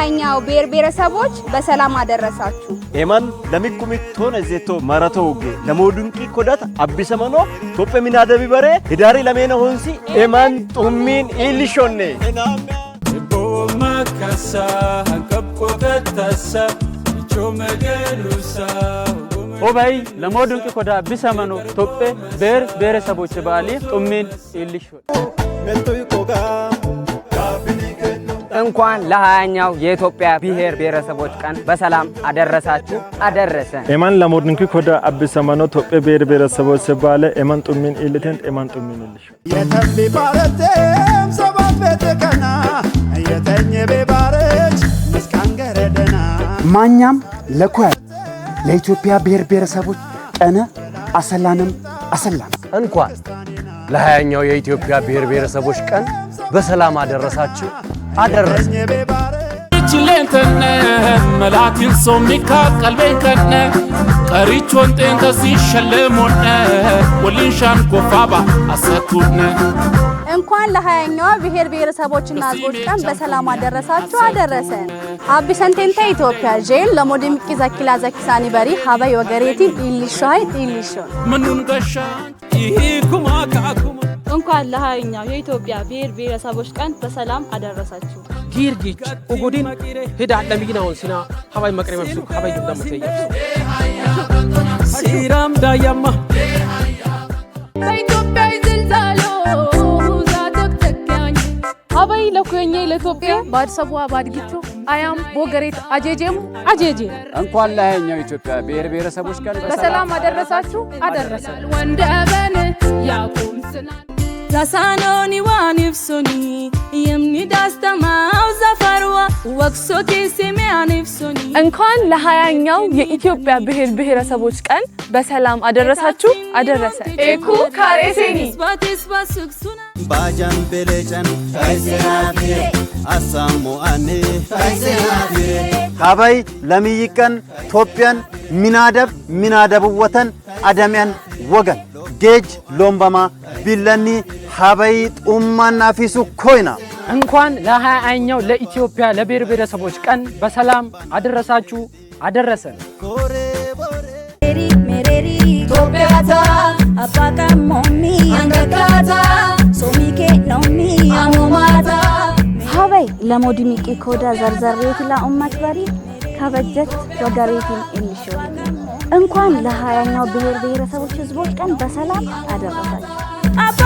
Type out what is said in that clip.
የላይኛው ብሔር ብሔረሰቦች በሰላም አደረሳችሁ። ኤማን ለሚኩሚቶን እዜቶ መረቶ ውጌ ለሞዱንቂ ኮዳት አቢሰመኖ ቶጴ ሚናደቢ በሬ ህዳሪ ለሜነ ሆንሲ ኤማን ጡሚን ኢልሾኔ ቦመካሳ አንቀቆተታሳ ኦባይ ለሞዱንቂ ኮዳ አቢሰመኖ ቶጴ ብሔር ብሔረሰቦች በዓሊ ጡሚን ኢልሾ እንኳን ለሀያኛው የኢትዮጵያ ብሔር ብሔረሰቦች ቀን በሰላም አደረሳችሁ አደረሰ ኤማን ለሞድንኪ ኮደ አብስ ሰመኖ ቶጴ ብሔር ብሔረሰቦች ሲባለ ኤማን ጡሚን ኢልቴን ኤማን ጡሚን ልሽ የተቢ ባረቴም ሰባት ቤት ከና የተኝ ቤባረች ምስካን ገረደና ማኛም ለኩያ ለኢትዮጵያ ብሔር ብሔረሰቦች ቀነ አሰላንም አሰላም እንኳን ለሀያኛው የኢትዮጵያ ብሔር ብሔረሰቦች ቀን በሰላም አደረሳችሁ አደረሰ ችሌንተነ መላኪን ቀልቤን ከነ ቀሪቾን ኮፋባ አሰቱነ እንኳን ለሀያኛዋ ብሔር ብሔረሰቦችና ሕዝቦች ቀን በሰላም አደረሳችሁ አደረሰን። ኢትዮጵያ ጄን ዘኪላ ዘኪሳኒ በሪ ሀበይ ወገሬቲ ኢሊሾ ምኑን ገሻ እንኳን ለሃያኛው የኢትዮጵያ ብሔር ብሔረሰቦች ቀን በሰላም አደረሳችሁ። ጊርጊች ኦጎዲን ሄዳ ለሚናውን ሲና ሀባይ መቅረብ ያብሱ ሀባይ ግንዳ መተያ ሲራም ዳያማ አባይ ይዘልዛሎ ለኢትዮጵያ ባድሰቧ ባድጊቹ አያም ቦገሬት አጄጄም አጄጄ እንኳን ለሀያኛው ኢትዮጵያ ብሔር ብሔረሰቦች ቀን በሰላም አደረሳችሁ አደረሰ ወንደበን ያቁም ስና Tasaanonni waan ibsoni የሚዳስተማው ዘፈርዋ ወቅሶቲ ስሜ አንብሶኒ። እንኳን ለሀያኛው የኢትዮጵያ ብሔር ብሔረሰቦች ቀን በሰላም አደረሳችሁ አደረሰ። ኤኩ ካሬሴኒ ባጃምቤሌጨን አሳሞአን ካባይ ለሚይቀን ቶጵያን ሚናደብ ሚናደብወተን አደሚያን ወገን ጌጅ ሎምበማ ቢለኒ ሀበይ ጡማና ፊሱ ኮይና እንኳን ለሀያኛው ለኢትዮጵያ ለብሔር ብሔረሰቦች ቀን በሰላም አደረሳችሁ አደረሰ። ሀበይ ለሞድሚቂ ኮዳ ዘርዘሬት ኡመት በሪ ከበጀት ወገሬትን እንሽ እንኳን ለሀያኛው ብሔር ብሔረሰቦች ህዝቦች ቀን በሰላም አደረሳችሁ። up